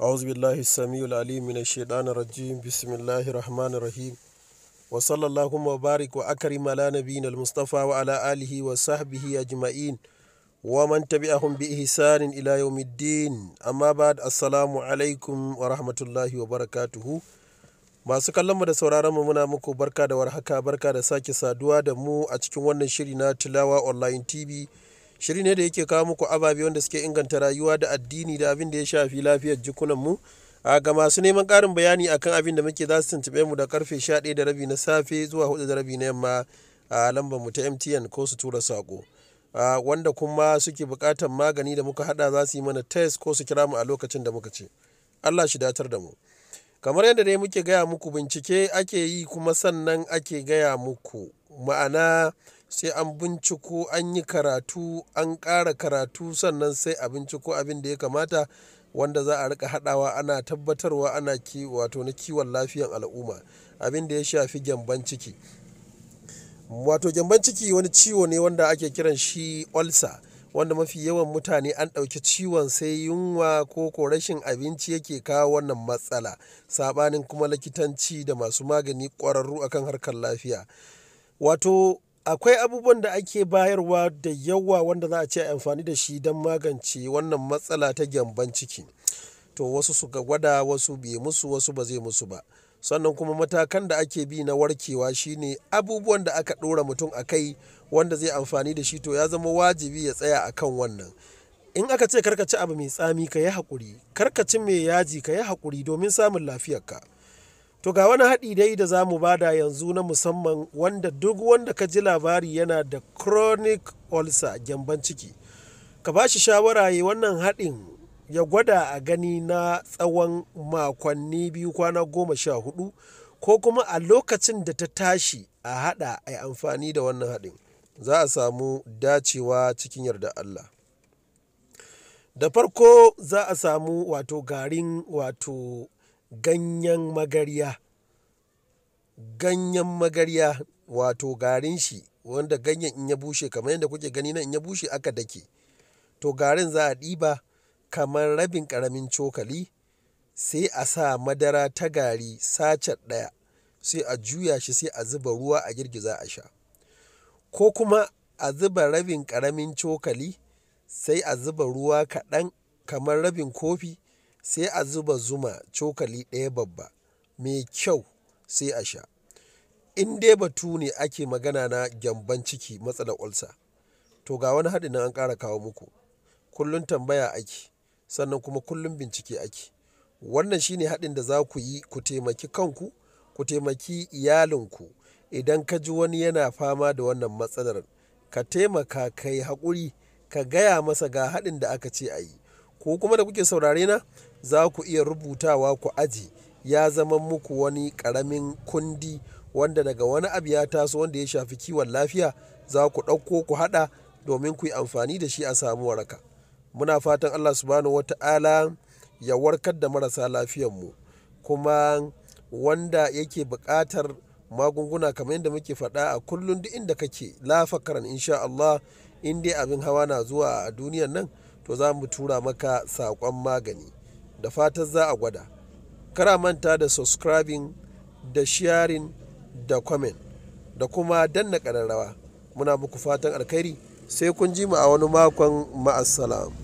a'udhu billahi samiul alim min ash-shaytanir rajim bismillahir rahmanir rahim wa sallallahu wa barik wa akrama la nabiyina al-mustafa wa ala alihi wa sahbihi ajma'in wa man tabi'ahum bi ihsan ila yawmiddin amma ba'd assalamu alaykum wa rahmatullahi wa barakatuhu. masu kallon mu da sauraron mu muna muku barka da warhaka barka da sake saduwa da mu a cikin wannan shiri na tilawa online tv shiri ne da yake kawo muku ababe wanda suke inganta rayuwa da addini da abin da ya shafi lafiyar jikunanmu a ga masu neman karin bayani akan abin da muke za su tuntuɓe mu da karfe 11 da rabi na safe zuwa 4 da rabi na yamma a lambar mu ta MTN ko su tura sako wanda kuma suke buƙatar magani da muka hada za su yi mana test ko su kira mu a lokacin da muka ce Allah shi datar da mu kamar yadda dai muke gaya muku bincike ake yi kuma sannan ake gaya muku ma'ana sai an binciko an yi karatu an ƙara karatu sannan sai a binciko abin da ya kamata wanda za a rika haɗawa ana tabbatarwa ana wato na kiwon lafiyan al'umma abin da ya shafi gyamban ciki wato gyamban ciki wani ciwo ne wanda ake kiran shi olsa wanda mafi yawan mutane an ɗauki ciwon sai yunwa ko ko rashin abinci yake kawo wannan matsala saɓanin kuma likitanci da masu magani ƙwararru akan harkar lafiya wato Akwai abubuwan da ake bayarwa da yawa wanda za a ce amfani da shi don magance wannan matsala ta gyambon ciki. To wasu suka gwada, wasu bai musu, wasu ba zai musu ba. Sannan kuma matakan da ake bi na warkewa shine abubuwan da aka ɗora mutum a kai wanda zai amfani da shi to ya zama wajibi ya tsaya a kan wannan. In aka ce kar ci abu mai tsami ka yi haƙuri, kar ci mai yaji ka yi haƙuri domin samun lafiyarka. To ga wani haɗi dai da za mu bada yanzu na musamman wanda duk wanda ka ji labari yana da chronic ulcer gyamban ciki. Ka ba shi shawara yi wannan haɗin ya gwada a gani na tsawon makonni biyu kwana goma sha hudu ko kuma a lokacin da ta tashi a haɗa a amfani da wannan haɗin. Za a samu dacewa cikin yarda Allah. Da farko za a samu wato garin wato ganyen magarya. Ganyen magarya wato garin shi wanda ganyen in ya bushe kamar yadda kuke gani nan in ya bushe aka dake. To garin za a ɗiba kamar rabin ƙaramin cokali sai a sa madara ta gari sacet ɗaya sai a juya shi sai a zuba ruwa a girgiza a sha. Ko kuma a zuba rabin ƙaramin cokali sai a zuba ruwa kaɗan kamar rabin kofi sai a zuba zuma cokali ɗaya babba mai kyau sai a sha. In dai batu ne ake magana na gyamban ciki, matsalar ulcer, to ga wani haɗin an ƙara kawo muku. Kullum tambaya ake, sannan kuma kullum bincike ake. Wannan shine haɗin da za ku yi ku taimaki kanku, ku taimaki iyalinku. Idan ka ji wani yana fama da wannan matsalar, ka taimaka ka haƙuri, ka gaya masa ga haɗin da aka ce a yi. ko kuma da kuke saurare na za ku iya rubutawa ku aji ya zama muku wani karamin kundi wanda daga wani abu ya taso wanda ya shafi kiwon lafiya za ku ɗauko ku haɗa domin ku yi amfani da shi a samu waraka muna fatan allah subhanahu wata'ala ya warkar da marasa mu kuma wanda yake buƙatar magunguna kamar yadda muke faɗa a kullum duk inda kake lafakaran insha allah in dai abin hawa na zuwa a duniyan nan to za mu tura maka saƙon magani da fatan za a gwada kara manta da subscribing da sharing da comment da kuma danna ƙararrawa muna muku fatan alkhairi sai kun ji mu a wani makon ma'assalam